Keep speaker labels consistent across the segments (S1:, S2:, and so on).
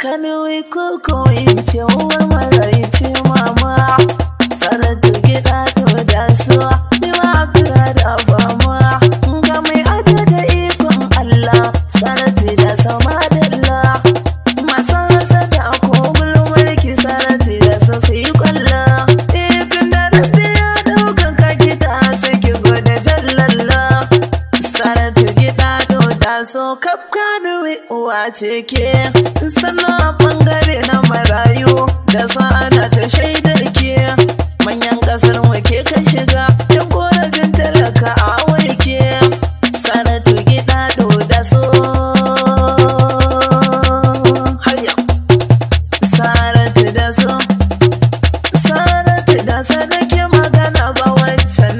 S1: Kano koko in ce uwar mara ce mama Saratu gida to da suwa ni ma kira da fama Ga mai ado da ikon Allah Saratu da sama dalla Masu hasa da ko mulki Saratu da sassa yi kwalla Itin eh, da rabbi ya daukan kaki ta sake gode jallalla Saratu gida to da so kafka uwa ce ke sannan ɓangare na marayu da sa'ada ta shaidar ke manyan kasar wake kan shiga da korafin talaka a wake sanatu gida da so haya sanatu da so sanatu da sadake magana ba wancan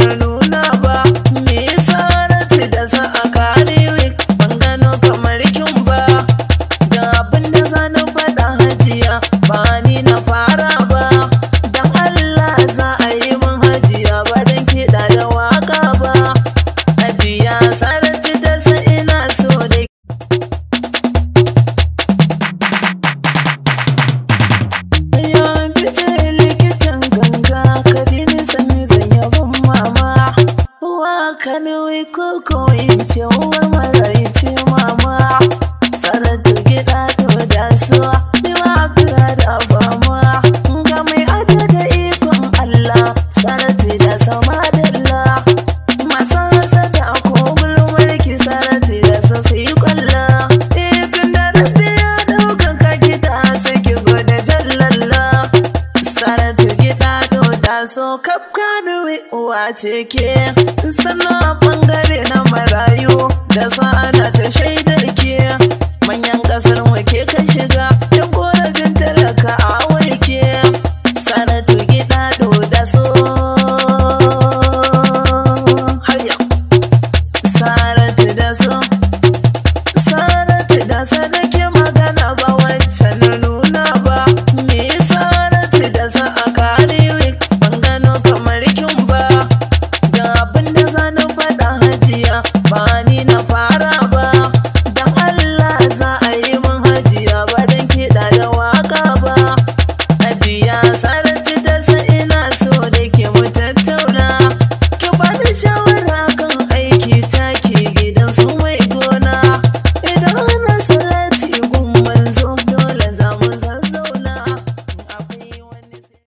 S1: Kano koko in ce uwar maraice mama Saratu gida ta da suwa ni ma kira da fama Ga mai ado da ikon Allah Saratu da sama dalla Masu hasa da ko gulmarki Saratu da sa su yi kwalla Eh tun da rabbi ya daukan gida ta saki gode jallalla Saratu gida ta da ka kafka uwa ce ke sannan bangare na marayu da sa'ada ta shaidar ke manyan kasar wake ka shiga shawara